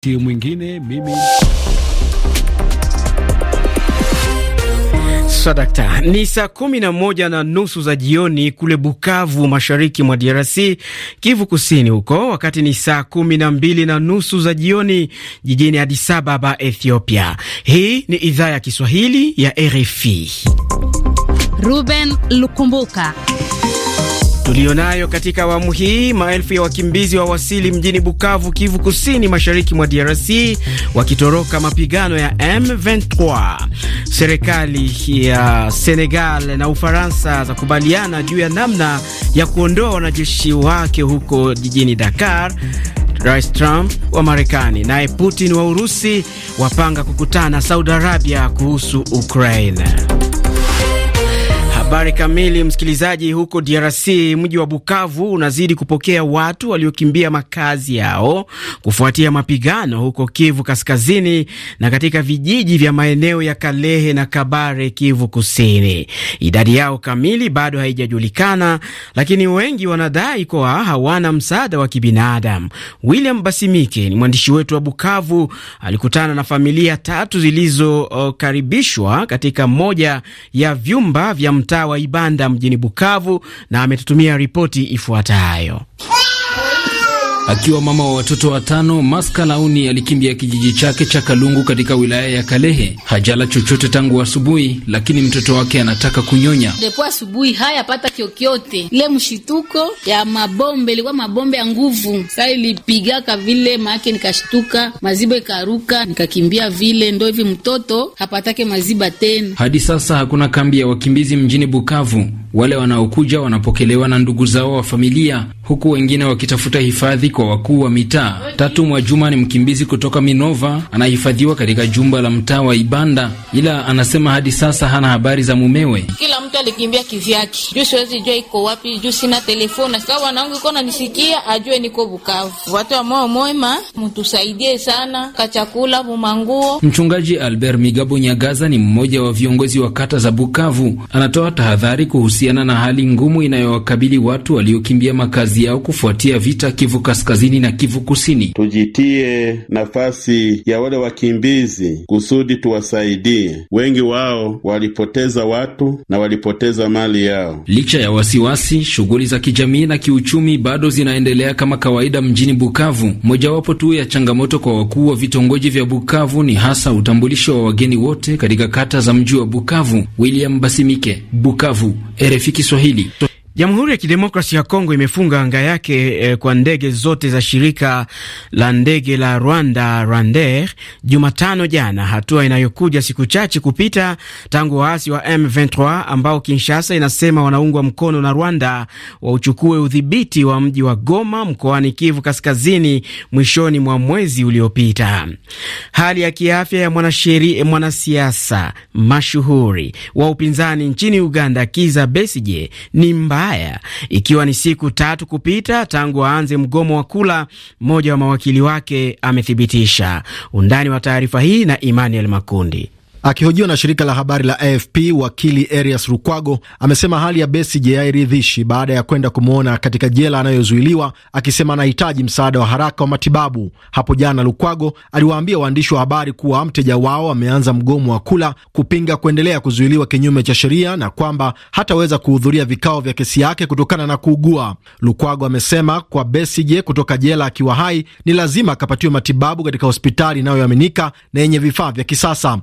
Tio mwingine mimi Sadakta. Ni saa kumi na moja na nusu za jioni kule Bukavu, mashariki mwa DRC, Kivu Kusini huko, wakati ni saa kumi na mbili na nusu za jioni jijini Addis Ababa, Ethiopia. Hii ni idhaa ya Kiswahili ya RFI. Ruben Lukumbuka tulionayo katika awamu hii. Maelfu ya wakimbizi wa wasili mjini Bukavu, Kivu Kusini, mashariki mwa DRC wakitoroka mapigano ya M23. Serikali ya Senegal na Ufaransa zakubaliana juu ya namna ya kuondoa wanajeshi wake huko jijini Dakar. Rais Trump wa Marekani naye Putin wa Urusi wapanga kukutana Saudi Arabia kuhusu Ukraine. Habari kamili, msikilizaji. Huko DRC, mji wa Bukavu unazidi kupokea watu waliokimbia makazi yao kufuatia mapigano huko Kivu Kaskazini na katika vijiji vya maeneo ya Kalehe na Kabare, Kivu Kusini. Idadi yao kamili bado haijajulikana, lakini wengi wanadai kuwa hawana msaada wa kibinadamu. William Basimike ni mwandishi wetu wa Bukavu, alikutana na familia tatu zilizokaribishwa katika moja ya vyumba vya mtaa mtaa wa Ibanda mjini Bukavu, na ametutumia ripoti ifuatayo. Akiwa mama wa watoto watano, Maska Launi alikimbia kijiji chake cha Kalungu katika wilaya ya Kalehe. Hajala chochote tangu asubuhi, lakini mtoto wake anataka kunyonya. Depo asubuhi haya pata kyokyote. Ile mshituko ya mabombe ilikuwa mabombe ya nguvu, saa ilipigaka vile maake, nikashtuka maziba ikaruka, nikakimbia vile. Ndo hivi mtoto hapatake maziba tena. Hadi sasa hakuna kambi ya wakimbizi mjini Bukavu. Wale wanaokuja wanapokelewa na ndugu zao wa familia, huku wengine wakitafuta hifadhi kwa wakuu wa mitaa. Tatu mwa Juma ni mkimbizi kutoka Minova, anahifadhiwa katika jumba la mtaa wa Ibanda, ila anasema hadi sasa hana habari za mumewe. Kila mtu alikimbia kivyake, juu siwezi jua iko wapi, juu sina telefona. Sasa wanangu iko nanisikia, ajue niko Bukavu. Watu wa moyo mwema, mtusaidie sana kachakula, mumanguo. Mchungaji Albert Migabo Nyagaza ni mmoja wa viongozi wa kata za Bukavu, anatoa tahadhari kuhusu kuhusiana na hali ngumu inayowakabili watu waliokimbia makazi yao kufuatia vita Kivu Kaskazini na Kivu Kusini. Tujitie nafasi ya wale wakimbizi kusudi tuwasaidie. Wengi wao walipoteza watu na walipoteza mali yao. Licha ya wasiwasi, shughuli za kijamii na kiuchumi bado zinaendelea kama kawaida mjini Bukavu. Mojawapo tu ya changamoto kwa wakuu wa vitongoji vya Bukavu ni hasa utambulisho wa wageni wote katika kata za mji wa Bukavu. William Basimike, Bukavu. RFI Kiswahili. Jamhuri ya Kidemokrasi ya Kongo imefunga anga yake eh, kwa ndege zote za shirika la ndege la Rwanda Rwandair Jumatano jana, hatua inayokuja siku chache kupita tangu waasi wa M23 ambao Kinshasa inasema wanaungwa mkono na Rwanda wauchukue udhibiti wa mji wa Goma mkoani Kivu Kaskazini mwishoni mwa mwezi uliopita. Hali ya kiafya ya mwanasheri eh, mwanasiasa mashuhuri wa upinzani nchini Uganda Kiza Besije ni mba Ulaya, ikiwa ni siku tatu kupita tangu aanze mgomo wa kula, mmoja wa mawakili wake amethibitisha. Undani wa taarifa hii na Emmanuel Makundi. Akihojiwa na shirika la habari la AFP, wakili arias rukwago amesema hali ya Besigye hairidhishi baada ya kwenda kumwona katika jela anayozuiliwa, akisema anahitaji msaada wa haraka wa matibabu. Hapo jana, Lukwago aliwaambia waandishi wa habari kuwa mteja wao ameanza mgomo wa kula kupinga kuendelea kuzuiliwa kinyume cha sheria na kwamba hataweza kuhudhuria vikao vya kesi yake kutokana na kuugua. Lukwago amesema kwa Besigye kutoka jela akiwa hai ni lazima akapatiwe matibabu katika hospitali inayoaminika na yenye vifaa vya kisasa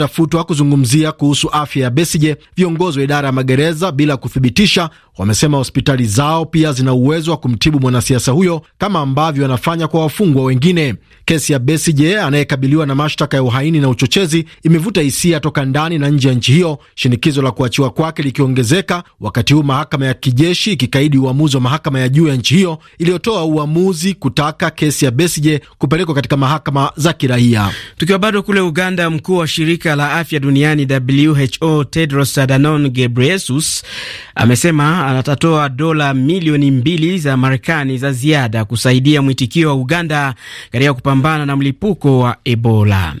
kutafutwa kuzungumzia kuhusu afya ya Besije, viongozi wa idara ya magereza, bila kuthibitisha, wamesema hospitali zao pia zina uwezo wa kumtibu mwanasiasa huyo kama ambavyo wanafanya kwa wafungwa wengine. Kesi ya Besije anayekabiliwa na mashtaka ya uhaini na uchochezi imevuta hisia toka ndani na nje ya nchi hiyo, shinikizo la kuachiwa kwake likiongezeka, wakati huu mahakama ya kijeshi ikikaidi uamuzi wa mahakama ya juu ya nchi hiyo iliyotoa uamuzi kutaka kesi ya Besije kupelekwa katika mahakama za kiraia. Tukiwa bado kule Uganda, mkuu wa shirika shirika la afya duniani WHO Tedros Adhanom Ghebreyesus amesema atatoa dola milioni mbili za Marekani za ziada kusaidia mwitikio wa Uganda katika kupambana na mlipuko wa Ebola.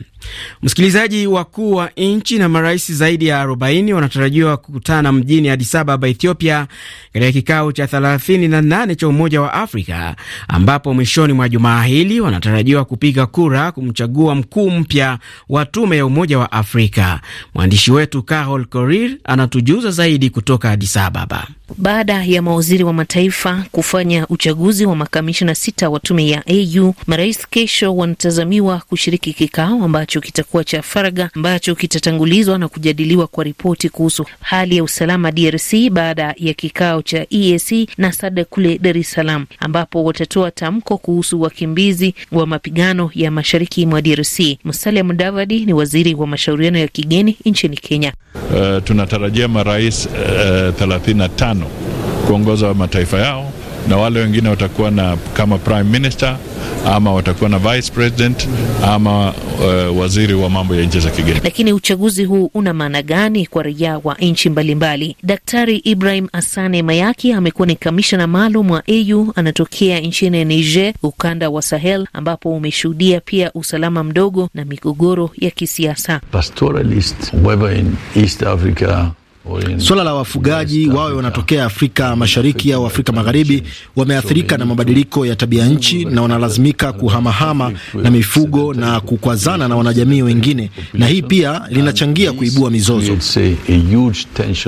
Msikilizaji, wakuu wa nchi na marais zaidi ya 40 wanatarajiwa kukutana mjini Addis Ababa, Ethiopia, katika kikao cha 38 cha Umoja wa Afrika, ambapo mwishoni mwa jumaa hili wanatarajiwa kupiga kura kumchagua mkuu mpya wa tume ya Umoja wa Afrika. Mwandishi wetu Carol Korir anatujuza zaidi kutoka Addis Ababa. Baada ya mawaziri wa mataifa kufanya uchaguzi wa makamishina sita wa tume ya AU, marais kesho wanatazamiwa kushiriki kikao ambacho kitakuwa cha faraga ambacho kitatangulizwa na kujadiliwa kwa ripoti kuhusu hali ya usalama DRC baada ya kikao cha EAC na SADC kule Dar es Salaam, ambapo watatoa tamko kuhusu wakimbizi wa mapigano ya mashariki mwa DRC. Musalia Mudavadi ni waziri wa mashauriano ya kigeni nchini Kenya. Uh, tunatarajia marais uh, eh, 35 tano kuongoza mataifa yao na wale wengine watakuwa na kama prime minister ama watakuwa na vice president ama uh, waziri wa mambo ya nje za kigeni. Lakini uchaguzi huu una maana gani kwa raia wa nchi mbalimbali? Daktari Ibrahim Asane Mayaki amekuwa ni kamishna maalum wa AU anatokea nchini Niger, ukanda wa Sahel, ambapo umeshuhudia pia usalama mdogo na migogoro ya kisiasa. Pastoralist, whether in East Africa Swala la wafugaji wawe wanatokea Afrika Mashariki au Afrika Magharibi wameathirika na mabadiliko ya tabia nchi na wanalazimika kuhamahama na mifugo na kukwazana na wanajamii wengine, na hii pia linachangia kuibua mizozo.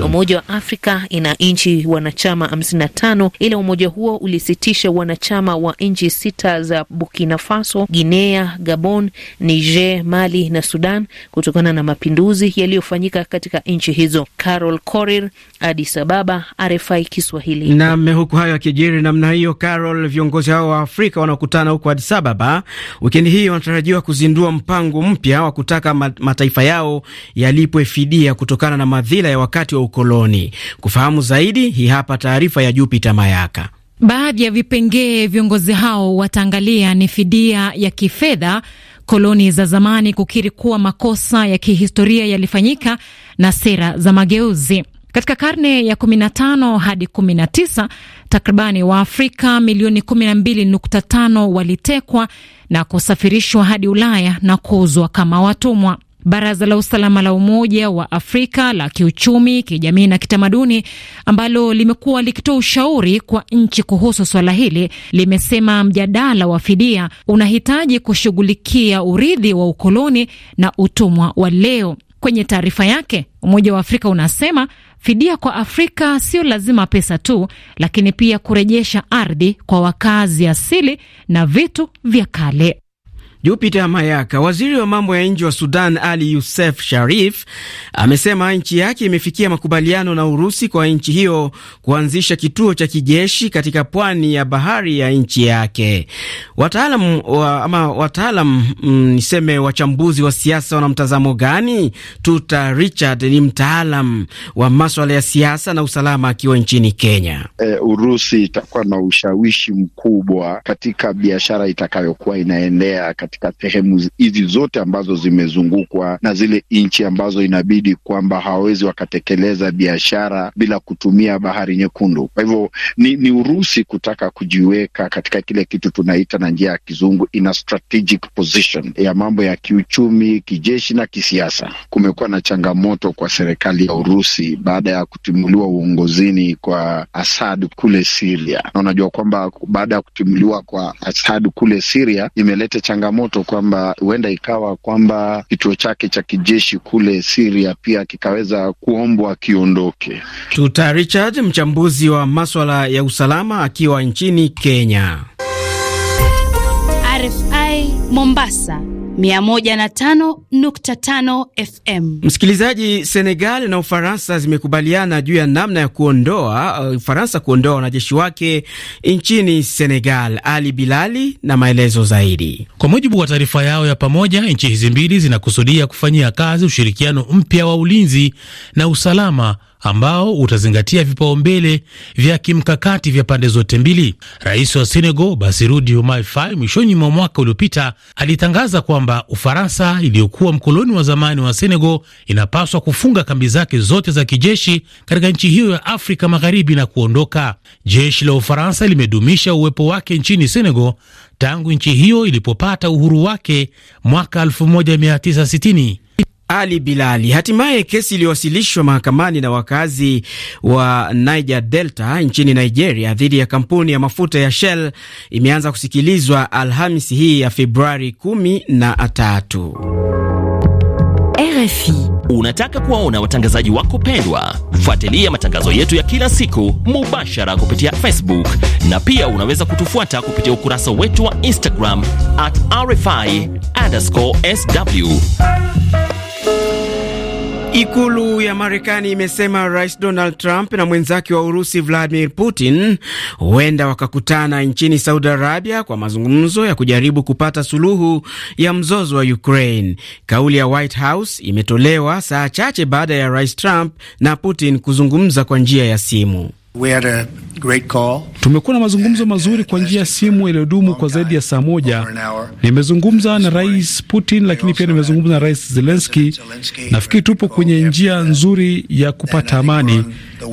Umoja wa Afrika ina nchi wanachama 55 ila umoja huo ulisitisha wanachama wa nchi sita za Burkina Faso, Guinea, Gabon, Niger, Mali na Sudan kutokana na mapinduzi yaliyofanyika katika nchi hizo. Karo Carol Korir, Adis Ababa, RFI Kiswahili. Nam, huku hayo akijiri namna hiyo, Carol, viongozi hao wa Afrika wanaokutana huko Adis Ababa wikendi hii wanatarajiwa kuzindua mpango mpya wa kutaka mataifa yao yalipwe fidia kutokana na madhila ya wakati wa ukoloni. Kufahamu zaidi, hii hapa taarifa ya Jupita Mayaka. Baadhi ya vipengee viongozi hao wataangalia ni fidia ya kifedha koloni za zamani kukiri kuwa makosa ya kihistoria yalifanyika na sera za mageuzi. Katika karne ya 15 hadi 19 takribani Waafrika milioni 12.5 walitekwa na kusafirishwa hadi Ulaya na kuuzwa kama watumwa. Baraza la usalama la Umoja wa Afrika la kiuchumi, kijamii na kitamaduni ambalo limekuwa likitoa ushauri kwa nchi kuhusu swala hili limesema mjadala wa fidia unahitaji kushughulikia urithi wa ukoloni na utumwa wa leo. Kwenye taarifa yake, Umoja wa Afrika unasema fidia kwa Afrika sio lazima pesa tu, lakini pia kurejesha ardhi kwa wakazi asili na vitu vya kale. Jupiter Mayaka, waziri wa mambo ya nje wa Sudan Ali yusef Sharif, amesema nchi yake imefikia makubaliano na Urusi kwa nchi hiyo kuanzisha kituo cha kijeshi katika pwani ya bahari ya nchi yake. Wataalam wa, ama wataalam mm, niseme mm, wachambuzi wa siasa wana mtazamo gani? Tuta Richard ni mtaalam wa maswala ya siasa na usalama akiwa nchini Kenya. E, Urusi itakuwa na ushawishi mkubwa katika biashara itakayokuwa inaendea katika sehemu hizi zote ambazo zimezungukwa na zile nchi ambazo inabidi kwamba hawawezi wakatekeleza biashara bila kutumia bahari nyekundu. Kwa hivyo ni, ni Urusi kutaka kujiweka katika kile kitu tunaita na njia ya kizungu ina strategic position ya mambo ya kiuchumi, kijeshi na kisiasa. Kumekuwa na changamoto kwa serikali ya Urusi baada ya kutimuliwa uongozini kwa Assad kule Siria, na unajua kwamba baada ya kutimuliwa kwa Assad kule siria imeleta changamoto changamoto kwamba huenda ikawa kwamba kituo chake cha kijeshi kule Siria pia kikaweza kuombwa kiondoke. Tuta Richard, mchambuzi wa maswala ya usalama akiwa nchini Kenya. RFI Mombasa 105.5 FM. Msikilizaji, Senegal na Ufaransa zimekubaliana juu ya namna ya kuondoa uh, Ufaransa uh, kuondoa wanajeshi wake nchini Senegal. Ali Bilali na maelezo zaidi. Kwa mujibu wa taarifa yao ya pamoja, nchi hizi mbili zinakusudia kufanyia kazi ushirikiano mpya wa ulinzi na usalama ambao utazingatia vipaumbele vya kimkakati vya pande zote mbili. Rais wa Senegal basirudi Diomaye Faye mwishoni mwa mwaka uliopita alitangaza kwamba Ufaransa iliyokuwa mkoloni wa zamani wa Senegal inapaswa kufunga kambi zake zote za kijeshi katika nchi hiyo ya Afrika Magharibi na kuondoka. Jeshi la Ufaransa limedumisha uwepo wake nchini Senegal tangu nchi hiyo ilipopata uhuru wake mwaka 1960. Ali Bilali. Hatimaye kesi iliyowasilishwa mahakamani na wakazi wa Niger Delta nchini Nigeria dhidi ya kampuni ya mafuta ya Shell imeanza kusikilizwa Alhamisi hii ya Februari kumi na RFI. Unataka kuwaona watangazaji wako pendwa? Fuatilia matangazo yetu ya kila siku mubashara kupitia Facebook na pia unaweza kutufuata kupitia ukurasa wetu wa Instagram at RFI_SW. Ikulu ya Marekani imesema Rais Donald Trump na mwenzake wa Urusi Vladimir Putin huenda wakakutana nchini Saudi Arabia kwa mazungumzo ya kujaribu kupata suluhu ya mzozo wa Ukraine. Kauli ya White House imetolewa saa chache baada ya Rais Trump na Putin kuzungumza kwa njia ya simu. Tumekuwa na mazungumzo mazuri kwa njia ya simu yaliyodumu kwa zaidi ya saa moja. Nimezungumza na Rais Putin, lakini pia nimezungumza na Rais Zelenski. Nafikiri tupo kwenye njia nzuri ya kupata amani.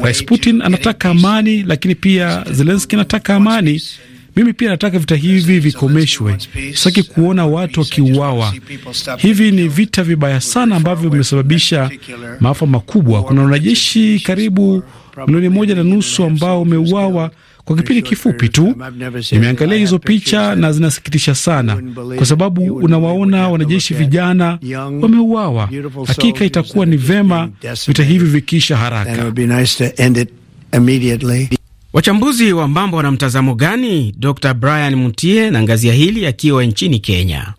Rais Putin anataka amani, lakini pia Zelenski anataka amani. Mimi pia nataka vita hivi vikomeshwe, sitaki kuona watu wakiuawa. Hivi ni vita vibaya sana ambavyo vimesababisha maafa makubwa. Kuna wanajeshi karibu milioni moja na nusu ambao wameuawa kwa kipindi kifupi tu. Nimeangalia hizo picha na zinasikitisha sana, kwa sababu unawaona wanajeshi vijana wameuawa. Hakika itakuwa ni vema vita hivi vikiisha haraka. Wachambuzi wa mambo wana mtazamo gani? Dr Brian Mutie na ngazia hili akiwa nchini Kenya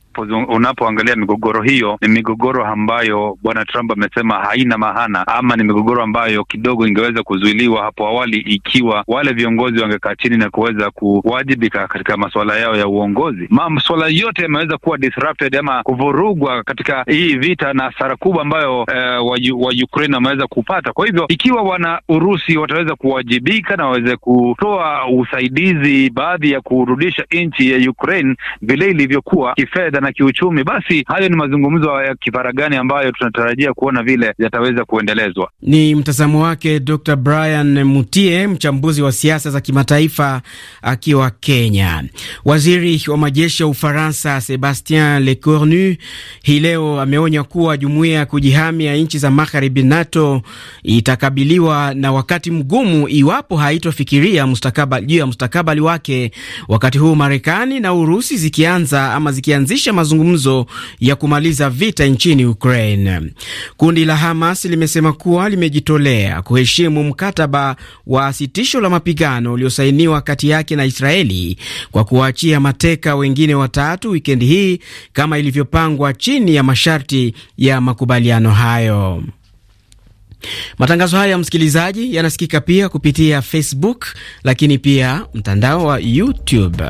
unapoangalia migogoro hiyo, ni migogoro ambayo bwana Trump amesema haina maana, ama ni migogoro ambayo kidogo ingeweza kuzuiliwa hapo awali ikiwa wale viongozi wangekaa chini na kuweza kuwajibika katika masuala yao ya uongozi. Masuala yote yameweza kuwa disrupted ama kuvurugwa katika hii vita na hasara kubwa ambayo eh, wa, wa Ukraine wameweza kupata. Kwa hivyo ikiwa wana Urusi wataweza kuwajibika na waweze kutoa usaidizi baadhi ya kurudisha nchi ya Ukraine vile ilivyokuwa kifedha na kiuchumi, basi hayo ni mazungumzo ya kifaragani ambayo tunatarajia kuona vile yataweza kuendelezwa. Ni mtazamo wake Dr. Brian Mutie, mchambuzi wa siasa za kimataifa akiwa Kenya. Waziri wa majeshi ya Ufaransa Sebastien Lecornu hii leo ameonya kuwa jumuiya ya kujihami ya nchi za magharibi NATO itakabiliwa na wakati mgumu iwapo haitofikiria mustakabali juu ya mustakabali wake, wakati huu Marekani na Urusi zikianza ama zikianzisha kuanzisha mazungumzo ya kumaliza vita nchini Ukraine. Kundi la Hamas limesema kuwa limejitolea kuheshimu mkataba wa sitisho la mapigano uliosainiwa kati yake na Israeli kwa kuwaachia mateka wengine watatu wikendi hii kama ilivyopangwa chini ya masharti ya makubaliano hayo. Matangazo haya msikilizaji, yanasikika pia kupitia Facebook, lakini pia mtandao wa YouTube.